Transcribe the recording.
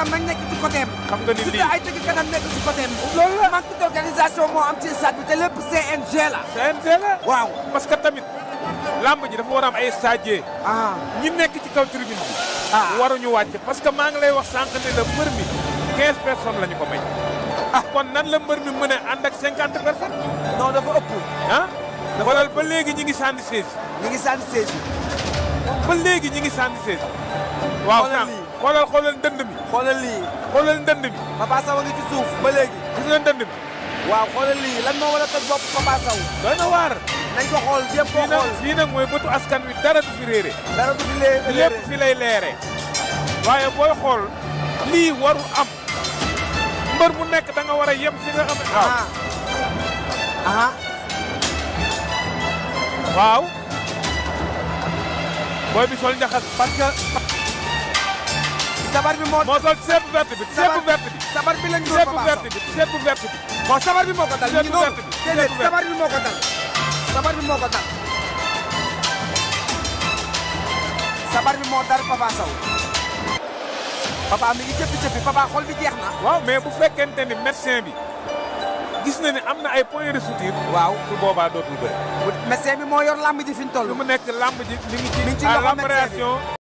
tàggam nañ na ci côté xam nga ni lii surtout ay tëggkatam nekk ci côté am. loolu la manque d'organisation moo am ci stade bi te lépp CNG la. CNG waaw. parce que tamit lamb ji dafa war a am ay stadiers. Ah. ñi nekk ci kaw tribune bi. Ah. waruñu wàcc parce que maa ngi lay wax sànq ne la mbër mi 15 personnes la ñu ko may. ah kon nan la mbër mi mën a ànd ak 50 personnes. non dafa ëpp. ah. dafa ba léegi ñi ngi sànni 16. ñi ngi sànni 16. ba léegi ñi ngi sànni sees. waaw sànq xoolal xoolal dënd bi. xoolal lii xoolal dënd bi. Papa Sow ba léegi. gis nga dënd waaw xoolal lii lan moo war a toj bopp Papa waar. nañ ko xool jéem koo xool fii nag mooy bëtu askan wi dara du fi réere. dara du fi léere lépp lay leere. waaye booy xool lii waru am mbër mu nekk da wara war a yem xam ne. Ah. waaw. booy bi sol njaxas parce que. sabar bi moo. moo sol ceeb verte bi ceeb verte bi. sabar bi lañ doon papa sax ceeb verte bi bon sabar bi moo ko dal. ñu noonu déedéet sabar bi moo ko dal. sabar bi moo ko dal. sabar bi moo dar papa saw. papa mi ngi cëppi cëppi papa xol bi jeex na. waaw mais bu fekkente ni médecin bi. gis na ne am na ay points de suture. waaw su boobaa dootul bëri. bu médecin moo yor lamb ji fi ñu toll. mu nekk lamb ji mi ngi ci. mi ngi ci loxo médecin bi